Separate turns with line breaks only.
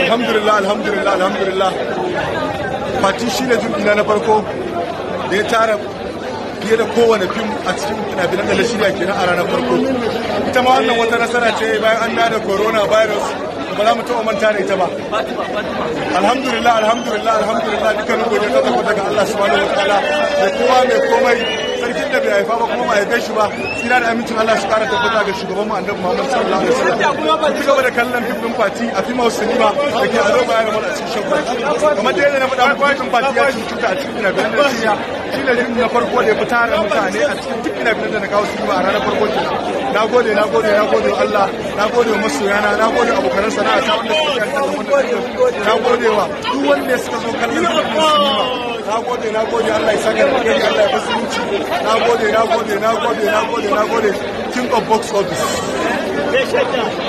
alhamdulillah alhamdulillah alhamdulillah fati shi ne jirgina na farko da ya tara fiye da kowane fim a cikin tunabinan da na shirya kenan a ranar farko ita ma wannan wata nasara ce bayan an da corona virus ba za mu taɓa manta da ita ba alhamdulillah alhamdulillah alhamdulillah dukkanin godiya ta tabbata ga Allah subhanahu wa ta'ala da kowa mai komai haifa ba kuma mu haife shi ba tsira da amincin Allah shi kara tabbata ga shugaban mu annabi Muhammad sallallahu alaihi wasallam ci gaba da kallon fifin fati a fima ba da ke ado bayan mu a cikin shagwa kamar da yadda na faɗa muku fifin fati ya ci a cikin finafinan da shi ne fim na farko da ya mutane a cikin da na kawo a ranar farko ke na gode na gode na gode Allah na gode masoyana na gode abokan sana'a ta wanda wanda na gode wa duk wanda suka zo kallon fifin na gode na gode Allah ya saka da kai Allah ya musulunci na gode na gode na gode na gode na gode king of box office